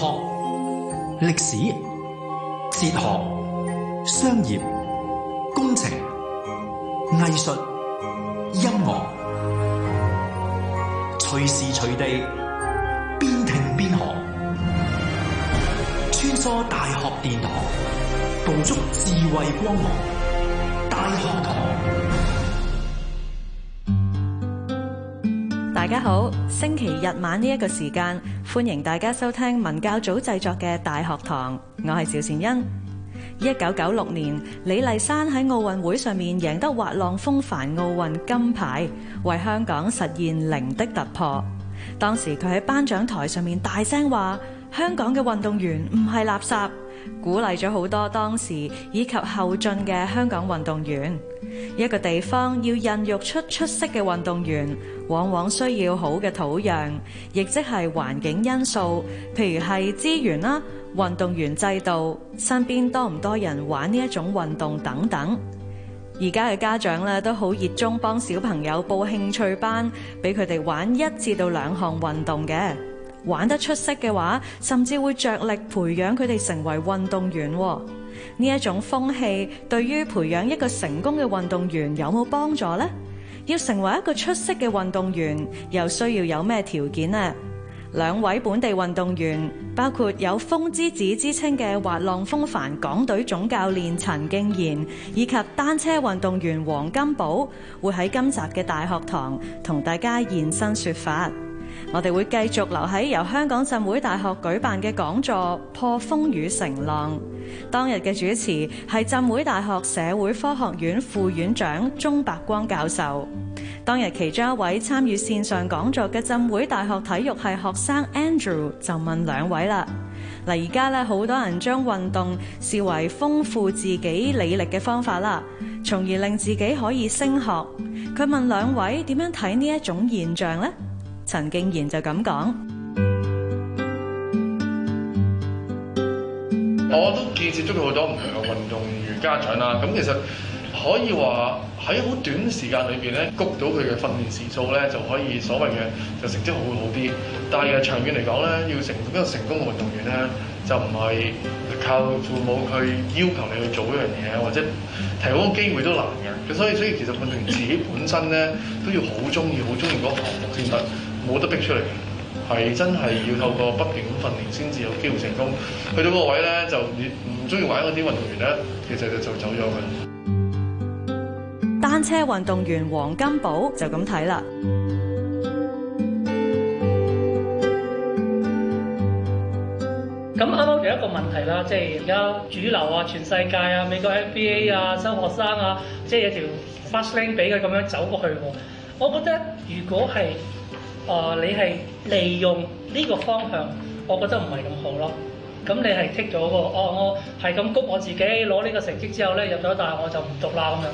學歷史、哲學、商業、工程、藝術、音樂，隨時隨地，邊聽邊學，穿梭大學殿堂，捕捉智慧光芒。大學堂。大家好，星期日晚呢一個時間。歡迎大家收聽文教組製作嘅《大學堂》，我係邵善恩。一九九六年，李麗珊喺奧運會上面贏得滑浪風帆奧運金牌，為香港實現零的突破。當時佢喺頒獎台上面大聲話。香港嘅運動員唔係垃圾，鼓勵咗好多當時以及後進嘅香港運動員。一個地方要孕育出出色嘅運動員，往往需要好嘅土壤，亦即係環境因素，譬如係資源啦、運動員制度、身邊多唔多人玩呢一種運動等等。而家嘅家長咧都好熱衷幫小朋友報興趣班，俾佢哋玩一至到兩項運動嘅。玩得出色嘅話，甚至會着力培養佢哋成為運動員，呢一種風氣對於培養一個成功嘅運動員有冇幫助咧？要成為一個出色嘅運動員又需要有咩條件咧？兩位本地運動員包括有風之子之稱嘅滑浪風帆港隊總教練陳敬然以及單車運動員黃金寶會喺今集嘅大學堂同大家現身說法。我哋會繼續留喺由香港浸會大學舉辦嘅講座《破風與乘浪》。當日嘅主持係浸會大學社會科學院副院長鍾伯光教授。當日其中一位參與線上講座嘅浸會大學體育系學生 Andrew 就問兩位啦。嗱，而家咧好多人將運動視為豐富自己履歷嘅方法啦，從而令自己可以升學。佢問兩位點樣睇呢一種現象呢？陳敬然就咁講，我都見接觸到好多唔同嘅運動員家長啦。咁其實可以話喺好短時間裏邊咧，谷到佢嘅訓練時數咧，就可以所謂嘅就成績會好啲。但係其實長遠嚟講咧，要成一個成功嘅運動員咧，就唔係靠父母去要求你去做一樣嘢，或者提供個機會都難嘅。所以，所以其實運動員自己本身咧，都要好中意、好中意嗰個項目先得。冇得逼出嚟，係真係要透過不斷咁訓練先至有機會成功。去到嗰個位咧，就你唔中意玩嗰啲運動員咧，其實就就走咗佢。單車運動員黃金寶就咁睇啦。咁啱啱有一個問題啦，即係而家主流啊、全世界啊、美國 NBA 啊、新學生啊，即係一條 fast lane 俾佢咁樣走過去喎。我覺得如果係啊！Uh, 你係利用呢個方向，我覺得唔係咁好咯。咁你係剔咗個，哦，我係咁谷我自己攞呢個成績之後咧，入咗大學我就唔讀啦咁樣。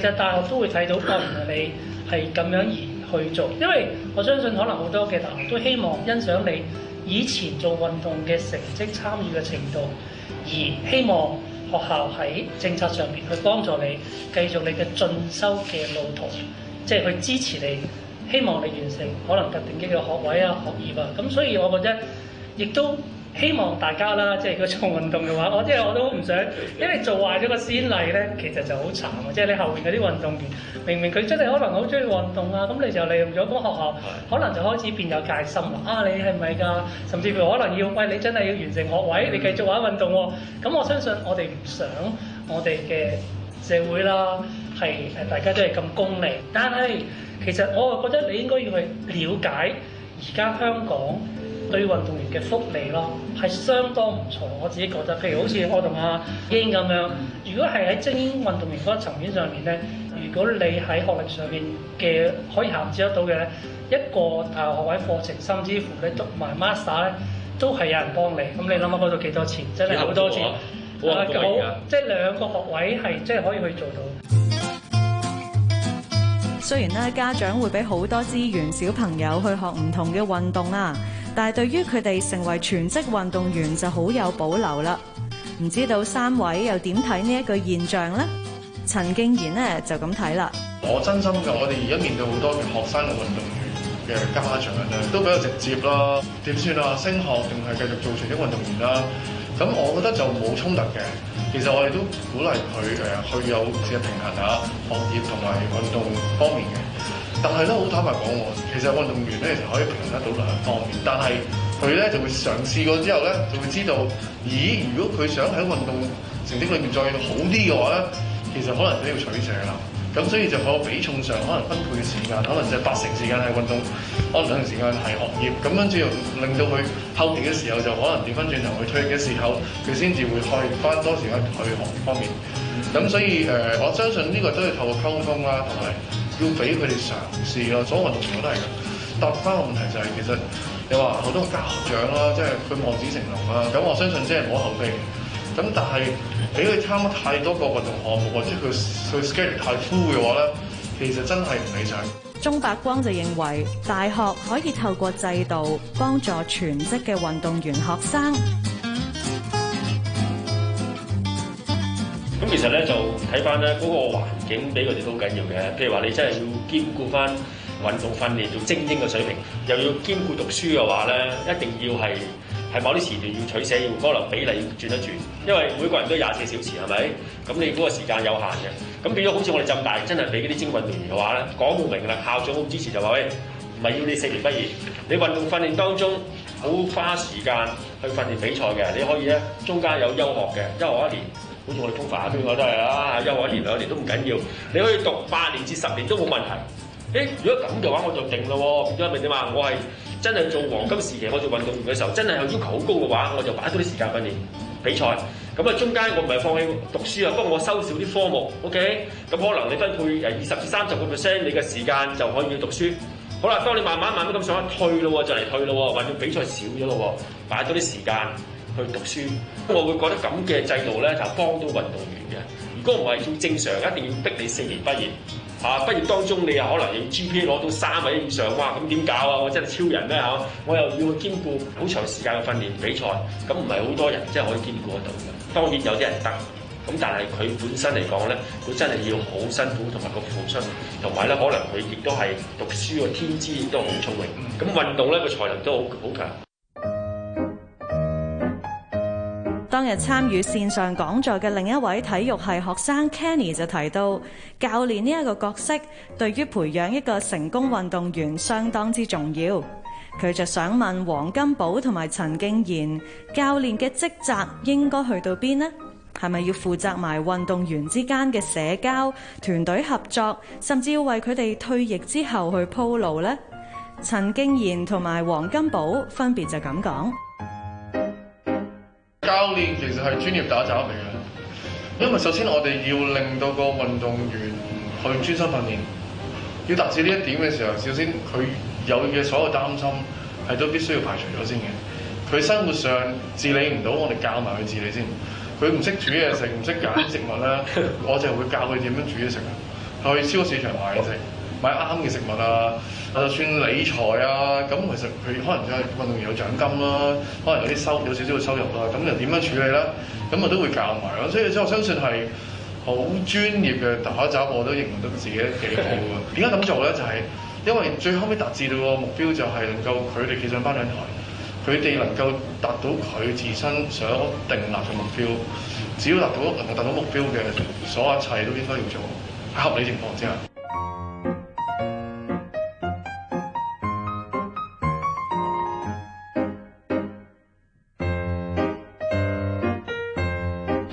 其實大學都會睇到當年你係咁樣而去做，因為我相信可能好多嘅大學都希望欣賞你以前做運動嘅成績、參與嘅程度，而希望學校喺政策上面去幫助你繼續你嘅進修嘅路途，即係去支持你。希望你完成可能特定嘅嘅學位啊、學業啊，咁所以我覺得亦都希望大家啦，即係佢做運動嘅話，我即係我都唔想，因為做壞咗個先例咧，其實就好慘啊。即係你後面嗰啲運動員明明佢真係可能好中意運動啊，咁你就利用咗個學校，可能就開始變有戒心啦。啊，你係咪㗎？甚至乎可能要喂你真係要完成學位，你繼續玩運動喎、啊。咁我相信我哋唔想我哋嘅社會啦，係誒大家都係咁功利，但係，其實我係覺得你應該要去了解而家香港對運動員嘅福利咯，係相當唔錯。我自己覺得，譬如好似我同阿英咁樣，如果係喺精英運動員嗰個層面上面咧，如果你喺學歷上面嘅可以銜接得到嘅一個大學學位課程，甚至乎咧讀埋 master 咧，都係有人幫你。咁你諗下嗰度幾多錢？真係好多錢、啊。很多很多啊、即係兩個學位係即係可以去做到。雖然咧家長會俾好多資源小朋友去學唔同嘅運動啦，但係對於佢哋成為全職運動員就好有保留啦。唔知道三位又點睇呢一個現象咧？陳敬然咧就咁睇啦。我真心㗎，我哋而家面對好多嘅學生嘅運動員嘅家長咧，都比較直接啦。點算啊？升學定係繼續做全職運動員啦？咁我覺得就冇衝突嘅。其實我哋都鼓勵佢誒，去有嘗嘗平衡下學業同埋運動方面嘅。但係咧，好坦白講喎，其實運動員咧其實可以平衡得到兩方面，但係佢咧就會嘗試過之後咧，就會知道，咦，如果佢想喺運動成績裏面再好啲嘅話咧，其實可能都要取捨啦。咁所以就個比重上可能分配嘅時間，可能就八成時間係運動，可能兩成時間係學業。咁樣只要令到佢後期嘅時候就可能調翻轉頭去退役嘅時候，佢先至會去翻多時間去學方面。咁所以誒、呃，我相信呢個都要透過溝通啦，同埋要俾佢哋嘗試咯。所有運動全部都係咁答翻個問題就係、是、其實你話好多家長啦，即係佢望子成龍啦。咁我相信即係我後備。咁但係俾佢參加太多個運動項目，或者佢佢 schedule 太 full 嘅話咧，其實真係唔理想。鍾伯光就認為大學可以透過制度幫助全職嘅運動員學生。咁其實咧就睇翻咧嗰個環境俾佢哋都緊要嘅，譬如話你真係要兼顧翻運動訓練做精英嘅水平，又要兼顧讀書嘅話咧，一定要係。係某啲時段要取捨，要可能比例要轉一轉，因為每個人都廿四小時係咪？咁你嗰個時間有限嘅，咁變咗好似我哋浸大真係俾嗰啲精英運動員嘅話咧，講冇明啦。校長好支持就話喂，唔係要你四年畢業，你運動訓練當中好花時間去訓練比賽嘅，你可以咧中間有休學嘅，休學一年，好似我哋通凡啊，邊都係啦，休學一年兩年都唔緊要，你可以讀八年至十年都冇問題。誒，如果咁嘅話我就定咯喎，因為話我係？真係做黃金時期，我做運動員嘅時候，真係有要求好高嘅話，我就擺多啲時間訓練比賽。咁啊，中間我唔係放棄讀書啊，不過 我收少啲科目。OK，咁可能你分配誒二十至三十個 percent 你嘅時間就可以去讀書。好啦，當你慢慢慢慢咁想退嘞喎，就嚟退嘞喎，或者比賽少咗嘞喎，擺多啲時間去讀書， 我會覺得咁嘅制度咧就係幫到運動員嘅。如果唔係要正常，一定要逼你四年畢業。啊！畢業當中，你又可能用 GPA 攞到三或以上，哇！咁點搞啊？我真係超人咩、啊、嚇、啊？我又要兼顧好長時間嘅訓練比賽，咁唔係好多人真係可以兼顧得到。當然有啲人得，咁但係佢本身嚟講咧，佢真係要好辛苦，同埋個付出，同埋咧可能佢亦都係讀書個天資亦都好聰明，咁運動咧個才能都好好強。當日參與線上講座嘅另一位體育系學生 Kenny 就提到，教練呢一個角色對於培養一個成功運動員相當之重要。佢就想問黃金寶同埋陳敬然，教練嘅職責應該去到邊呢？係咪要負責埋運動員之間嘅社交、團隊合作，甚至要為佢哋退役之後去鋪路呢？陳敬然同埋黃金寶分別就咁講。教練其實係專業打雜嚟嘅，因為首先我哋要令到個運動員去專心訓練，要達至呢一點嘅時候，首先佢有嘅所有擔心係都必須要排除咗先嘅。佢生活上治理唔到，我哋教埋佢治理先。佢唔識煮嘢食，唔識揀食物咧，我就會教佢點樣煮嘢食，去超市場買嘢食。買啱嘅食物啊，啊，就算理財啊，咁其實佢可能就係運動員有獎金啦、啊，可能有啲收有少少嘅收入啦、啊，咁就點樣處理咧？咁我都會教埋咯。所以，所以我相信係好專業嘅第一集， 我都認唔到自己幾好嘅。點解咁做咧？就係、是、因為最後尾達至到個目標就係能夠佢哋企上頒獎台，佢哋能夠達到佢自身想定立嘅目標。只要達到能夠達到目標嘅，所有一切都應該要做，合理情況之下。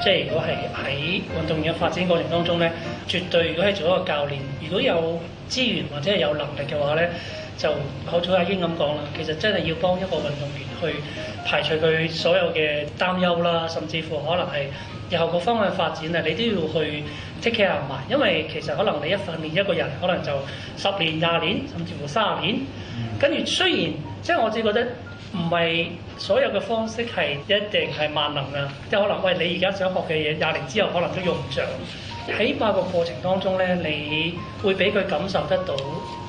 即係如果係喺運動員嘅發展過程當中咧，絕對如果係做一個教練，如果有資源或者係有能力嘅話咧，就好早阿英咁講啦。其實真係要幫一個運動員去排除佢所有嘅擔憂啦，甚至乎可能係以後嘅方向發展啊，你都要去 take care 埋、啊，因為其實可能你一訓練一個人，可能就十年、廿年，甚至乎三十年。跟住雖然即係我自己覺得。唔係所有嘅方式係一定係萬能㗎，即係可能喂，你而家想學嘅嘢，廿零之後可能都用唔着。起碼個過程當中咧，你會俾佢感受得到，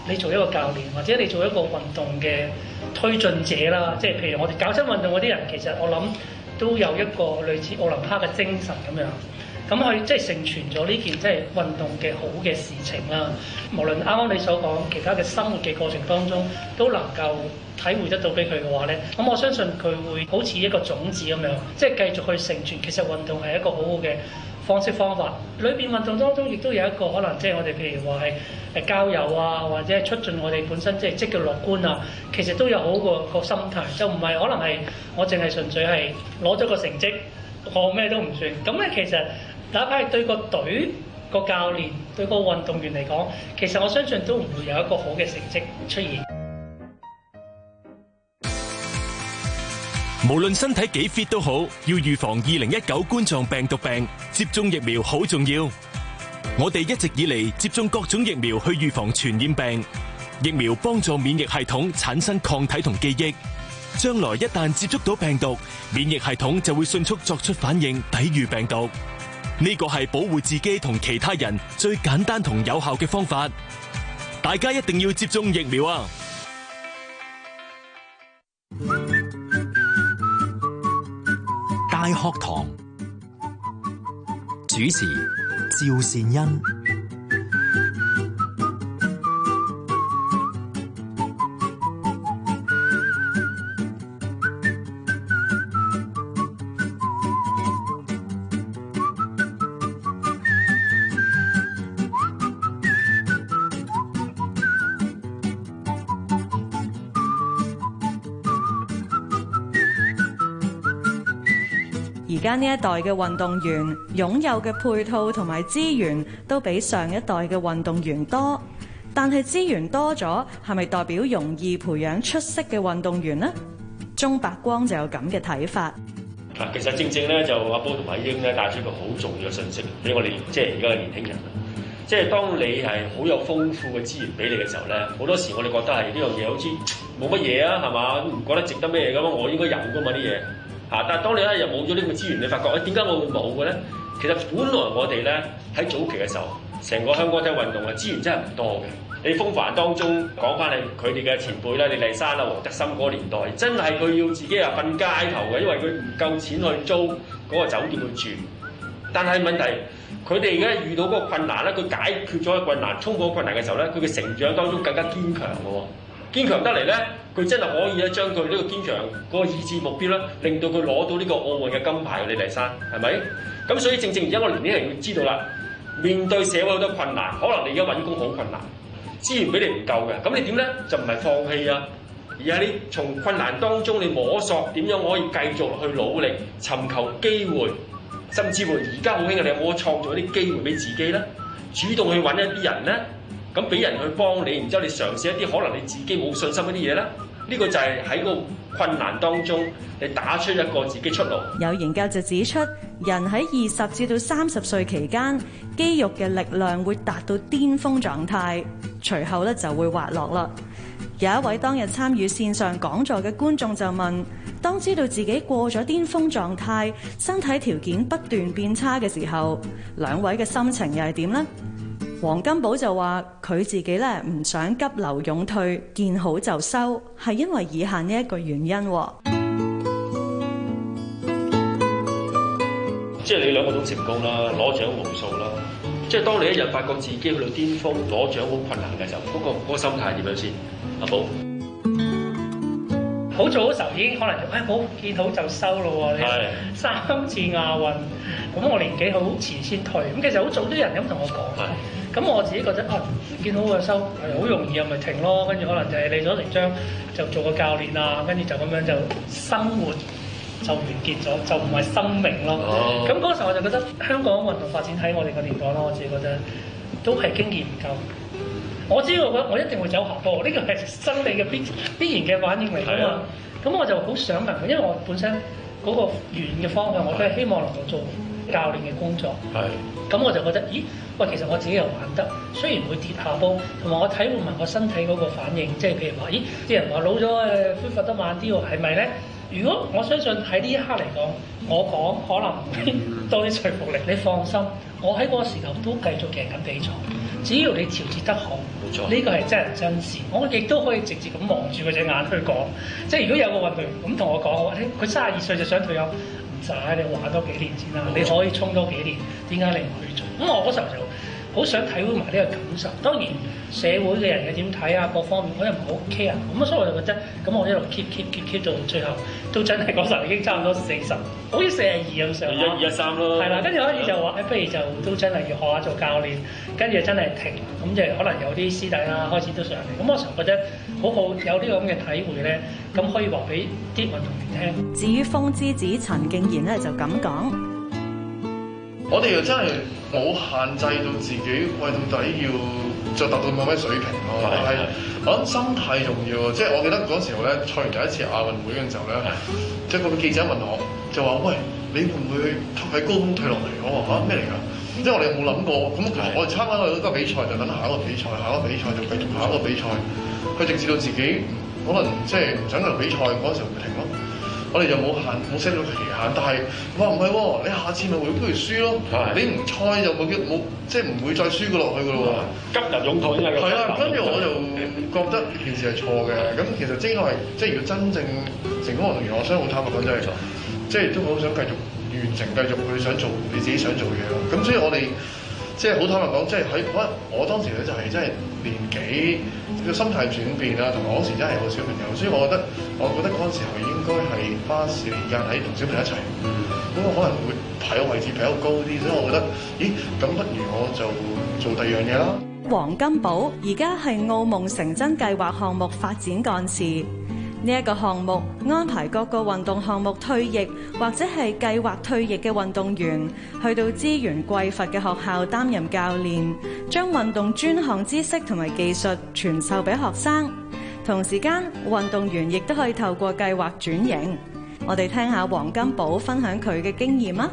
你做一個教練或者你做一個運動嘅推進者啦。即係譬如我哋搞親運動嗰啲人，其實我諗都有一個類似奧林匹克嘅精神咁樣。咁佢即係成全咗呢件即係運動嘅好嘅事情啦、啊。無論啱啱你所講其他嘅生活嘅過程當中，都能夠體會得到俾佢嘅話咧，咁我相信佢會好似一個種子咁樣，即係繼續去成全。其實運動係一個好好嘅方式方法。裏邊運動當中亦都有一個可能，即係我哋譬如話係誒交友啊，或者係促進我哋本身即係積極樂觀啊，其實都有好個個心態，就唔係可能係我淨係純粹係攞咗個成績，我咩都唔算。咁咧，其實。哪怕係對個隊、個教練、對個運動員嚟講，其實我相信都唔會有一個好嘅成績出現。無論身體幾 fit 都好，要預防2019呢個係保護自己同其他人最簡單同有效嘅方法，大家一定要接種疫苗啊！大學堂主持趙善恩。而家呢一代嘅運動員擁有嘅配套同埋資源都比上一代嘅運動員多，但係資源多咗，係咪代表容易培養出色嘅運動員呢？鍾伯光就有咁嘅睇法。嗱，其實正正咧，就阿波同阿英咧，帶出一個好重要嘅信息俾我哋，即係而家嘅年輕人。即係當你係好有豐富嘅資源俾你嘅時候咧，好多時我哋覺得係呢樣嘢好似冇乜嘢啊，係嘛？唔覺得值得咩咁啊？我應該有噶嘛啲嘢。嚇！但係當你咧又冇咗呢個資源，你發覺誒點解我會冇嘅咧？其實本來我哋咧喺早期嘅時候，成個香港體育運動嘅資源真係唔多嘅。你風帆當中講翻你佢哋嘅前輩啦，李麗珊啦、黃德森嗰年代，真係佢要自己又瞓街頭嘅，因為佢唔夠錢去租嗰個酒店去住。但係問題，佢哋而家遇到嗰個困難咧，佢解決咗個困難，衝破困難嘅時候咧，佢嘅成長當中更加堅強嘅喎。堅強得嚟咧，佢真係可以咧，將佢呢個堅強嗰個意志目標咧，令到佢攞到呢個奧運嘅金牌。李麗珊，係咪？咁所以正正而家我年輕人要知道啦，面對社會好多困難，可能你而家揾工好困難，資源俾你唔夠嘅，咁你點咧？就唔係放棄啊，而係你從困難當中你摸索點樣可以繼續去努力，尋求機會，甚至乎而家好興嘅你有冇創造啲機會俾自己咧？主動去揾一啲人咧？咁俾人去幫你，然之後你嘗試一啲可能你自己冇信心一啲嘢咧，呢個就係喺個困難當中，你打出一個自己出路。有研究就指出，人喺二十至到三十歲期間，肌肉嘅力量會達到巔峰狀態，隨後咧就會滑落啦。有一位當日參與線上講座嘅觀眾就問：「當知道自己過咗巔峰狀態，身體條件不斷變差嘅時候，兩位嘅心情又係點呢？」黃金寶就話佢自己咧唔想急流勇退，見好就收，係因為以下呢一個原因。即係你兩個鐘成功啦，攞獎無數啦。即係當你一日發覺自己去到巔峰，攞獎好困難嘅時候，嗰個嗰個心態點樣先？阿寶好早嘅時候已經可能就喂，冇見好就收咯。你、 嗯、 三次亞運。咁我年紀好遲先退，咁其實好早啲人咁同我講。咁的我自己覺得啊，見到個收好容易，我咪停咯。跟住可能就係順理成章就做個教練啊，跟住就咁樣就生活就完結咗，就唔係生命咯。咁嗰、oh. 時候我就覺得香港運動發展喺我哋個年代咯，我自己覺得都係經驗唔夠。我知道我我一定會走下坡，呢、這個係生理嘅必必然嘅反應嚟㗎嘛。咁的我就好想問，因為我本身嗰個遠嘅方向我都係希望能夠做。教練嘅工作，咁的我就覺得，咦，喂，其實我自己又玩得，雖然會跌下波，同埋我體會埋我身體嗰個反應，即係譬如話，咦，啲人話老咗誒，恢復得慢啲喎，係咪咧？如果我相信喺呢一刻嚟講，我講可能多啲說服力，你放心，我喺嗰個時候都繼續嘅緊比賽，只要你調節得好，呢錯個係真人真事，我亦都可以直接咁望住佢隻眼去講，即係如果有個運動員咁同我講，我話咧，佢卅二歲就想退休。啊、你玩多幾年先啦、啊， 你可以充多幾年，點解你唔去做？咁我嗰時候就好想體會埋呢個感受，當然。社會嘅人嘅點睇啊，各方面我又唔係好 care，咁啊，所以我就我覺得，咁我一路 keep keep keep keep 到最後，都真係嗰時候已經差唔多四十，好似四廿二咁上下。二一、嗯、三咯。係啦，跟住開始就話，不如就都真係要學下做教練，跟住真係停，咁就可能有啲師弟啦開始都上嚟。咁我常覺得，好、那、好、個、有呢個咁嘅體會咧，咁可以話俾啲運動員聽。至於風之子陳敬然咧，就咁講。 我哋又真係冇限制到自己，喂，到底要？就達到冇咩水平咯、啊，但係我諗心態重要，即、就、係、是、我記得嗰時候咧，賽完第一次亞運會嘅時候咧，即係個記者問我，就話：喂，你會唔會喺高峯退落嚟、啊？我話吓，咩嚟㗎？即係我哋有冇諗過？咁其實我哋參加咗嗰個比賽，就等下一個比賽，下一個比賽就繼續下一個比賽，佢直至到自己可能即係唔想去比賽嗰時候停咯、啊。我哋又冇限冇 set 到期限，但係我話唔係喎，你下次咪會不如輸咯，的你唔賽就冇冇，即係唔會再輸的過落去噶咯喎，急流勇退，啊！係啦，跟住我就覺得件事係錯嘅，咁的的其實呢因係即係如果真正成功同唔成功相探貪，講真係錯，即係、就是就是、都好想繼續完成、繼續去想做你自己想做嘢咯，咁所以我哋。即係好坦白講，即係喺可能我當時咧就係即係年紀個心態轉變啦，同埋嗰時真係個小朋友，所以我覺得我覺得嗰陣時候應該係花時間喺同小朋友一齊，咁、嗯、可能會排個位置比較高啲，所以我覺得，咦咁不如我就做第二樣嘢啦。黃金寶而家係奧夢成真計劃項目發展幹事。呢一個項目安排各個運動項目退役或者係計劃退役嘅運動員，去到資源匱乏嘅學校擔任教練，將運動專項知識同埋技術傳授俾學生。同時間，運動員亦都可以透過計劃轉型。我哋聽下黃金寶分享佢嘅經驗啊！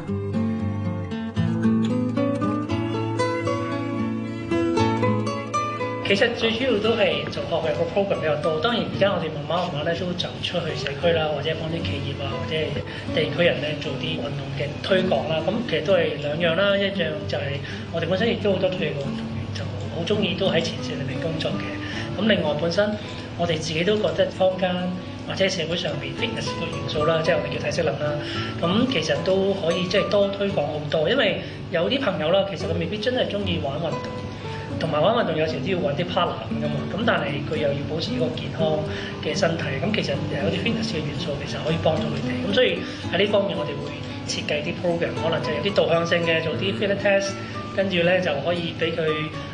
其實最主要都係做學嘅個 program 比較多，當然而家我哋慢慢慢慢咧都走出去社區啦，或者幫啲企業啊，或者地區人咧做啲運動嘅推廣啦。咁、嗯、其實都係兩樣啦，一樣就係我哋本身亦都好多退役嘅運動員就好中意都喺前線裏面工作嘅。咁、嗯、另外本身我哋自己都覺得坊間或者社會上邊 fitness 個元素啦，即係我哋叫體適能啦。咁、嗯、其實都可以即係多推廣咁多，因為有啲朋友啦，其實佢未必真係中意玩運動。同埋玩運動有時都要搵啲 partner 㗎嘛，咁但係佢又要保持一個健康嘅身體，咁其實有啲 fitness 嘅元素其實可以幫助佢哋，咁所以喺呢方面我哋會設計啲 program，可能就有啲導向性嘅，做啲 fitness。跟住咧就可以俾佢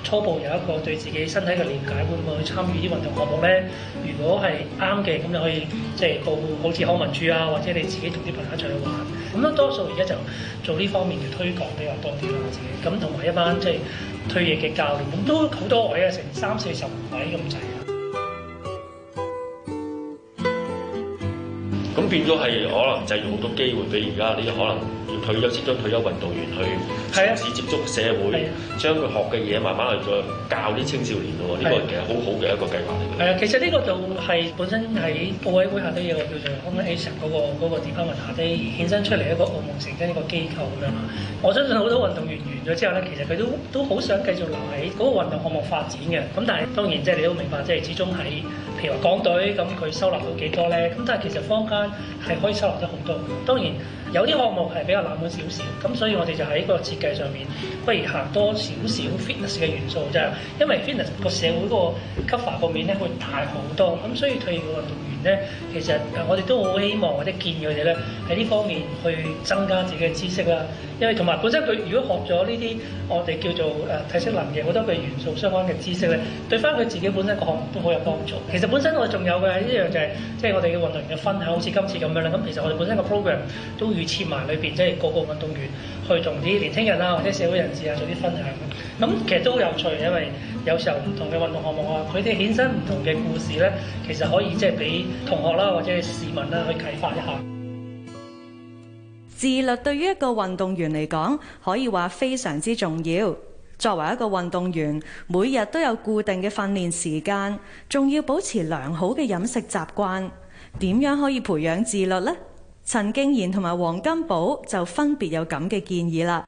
初步有一個對自己身體嘅瞭解，會唔會去參與啲運動項目咧？如果係啱嘅，咁就可以即係報好似康文署啊，或者你自己同啲朋友一齊去玩。咁咧多數而家就做呢方面嘅推廣比較多啲啦，自己咁同埋一班即係退役嘅教練，都好多位啊，成三四十位咁滯。變咗係可能就用好多機會俾而家你可能要退休接咗退休運動員去首次接觸社會，的將佢學嘅嘢慢慢去再教啲青少年喎。呢的個其實好好嘅一個計劃嚟嘅。係啊、呃，其實呢個就係本身喺奧委會下底有個叫做 Hong Kong Asset 嗰嗰個 department 下底顯身出嚟一個奧夢成真一個機構嘛。我相信好多運動員完咗之後咧，其實佢都都好想繼續留喺嗰個運動項目發展嘅。咁但係當然即係、就是、你都明白，即、就、係、是、始終喺譬如話港隊咁，佢收納到幾多咧？咁但係其實坊間係可以收落得好多，當然。有啲項目係比較冷門少少，咁所以我哋就喺個設計上面，不如行多少少 fitness 嘅元素啫。因為 fitness 個社會個 cover 方面咧，會大好多，咁所以退役嘅運動員咧，其實我哋都好希望或者建議佢哋咧喺呢方面去增加自己嘅知識啦。因為同埋本身佢如果學咗呢啲我哋叫做誒體適能嘅好多嘅元素相關嘅知識咧，對翻佢自己本身個項目都好有幫助。其實本身我仲有嘅一樣就係即係我哋嘅運動員嘅分享，好似今次咁樣啦。咁其實我哋本身個 program 都串埋裏邊，即係個個運動員去同啲年輕人啦，或者社會人士啊做啲分享咁，其實都好有趣。因為有時候唔同嘅運動項目啊，佢哋衍生唔同嘅故事咧，其實可以即係俾同學啦，或者市民啦去啟發一下。自律對於一個運動員嚟講，可以話非常之重要。作為一個運動員，每日都有固定嘅訓練時間，仲要保持良好嘅飲食習慣，點樣可以培養自律呢？陳敬然同埋黃金寶就分別有咁嘅建議啦。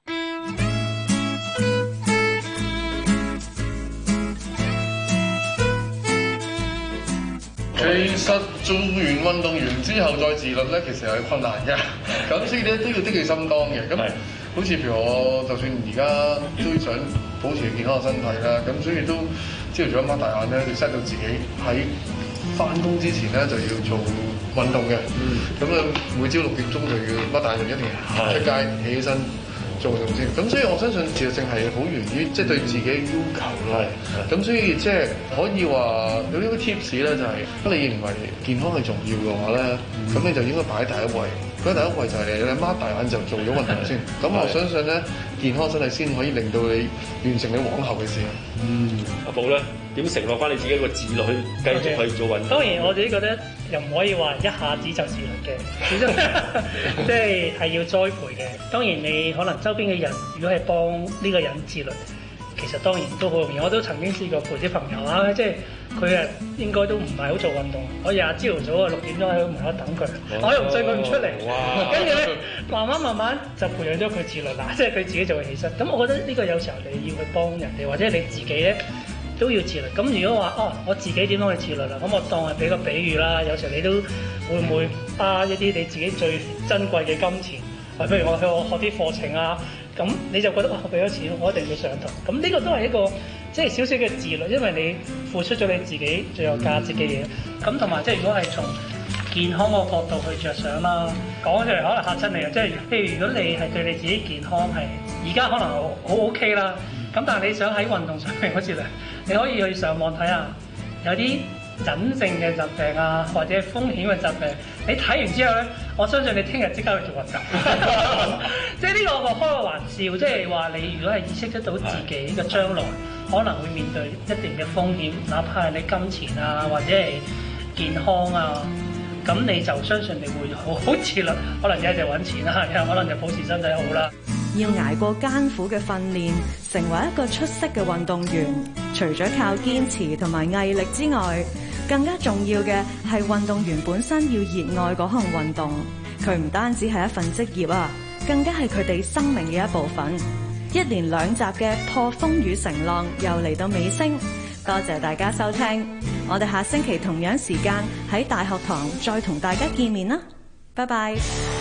其實做完運動員之後再自律咧，其實係困難嘅。咁 所以咧都要滴水心光嘅。咁的好似譬如我就算而家都想保持健康嘅身體啦，咁所以都朝早一晚大眼咧，要 set 到自己喺翻工之前咧就要做運動嘅，咁、嗯、啊每朝六點鐘就要擘大眼，一定要出街的起起身做運動先。咁所以我相信自，其實正係好源於即係對自己嘅要求咯。咁的所以即係可以話有呢個 tips 咧，就係你認為健康係重要嘅話咧，咁、嗯、你就應該擺第一位。擺第一位就係你擘大眼就做咗運動先。咁我相信咧，的健康真係先可以令到你完成你往後嘅事。嗯、阿寶咧，點承諾翻你自己個子女繼續去做運動？ 當然我自己覺得。又唔可以話一下子就自律嘅，始終即係係要栽培嘅。當然你可能周邊嘅人，如果係幫呢個人自律，其實當然都好容易。我都曾經試過陪啲朋友啊，即係佢啊應該都唔係好做運動。我日朝頭早啊六點鐘喺門口等佢，哇我又唔信佢唔出嚟。跟住咧，哇慢慢慢慢就培養咗佢自律啦，即係佢自己就會起身。咁我覺得呢個有時候你要去幫人哋，或者你自己咧。都要自律。咁如果話哦，我自己點樣去自律啦？咁我當係俾個比喻啦。有時候你都會唔會花一啲你自己最珍貴嘅金錢，誒，譬如我去我學啲課程啊。咁你就覺得，哦，我俾咗錢，我一定要上堂。咁呢個都係一個即係少少嘅自律，因為你付出咗你自己最有價值嘅嘢。咁同埋即係如果係從健康個角度去着想啦，講出嚟可能嚇親你啊！即係譬如如果你係對你自己健康係而家可能好 OK 啦，咁但係你想喺運動上面好似。量。你可以去上網睇下，有啲隱性嘅疾病啊，或者風險嘅疾病，你睇完之後咧，我相信你聽日即刻去做核突。 即係呢個我開個玩笑，即係話你如果係意識得到自己嘅將來可能會面對一定嘅風險，哪怕係你金錢啊，或者係健康啊，咁你就相信你會好自律啦，可能一係就揾錢啦、啊，可能就保持身體好啦、啊。要捱過艱苦嘅訓練，成為一個出色嘅運動員，除咗靠堅持同埋毅力之外，更加重要嘅係運動員本身要熱愛嗰項運動。佢唔單止係一份職業啊，更加係佢哋生命嘅一部分。一連兩集嘅《破風與乘浪》又嚟到尾聲，多謝大家收聽。我哋下星期同樣時間喺大學堂再同大家見面啦，拜拜。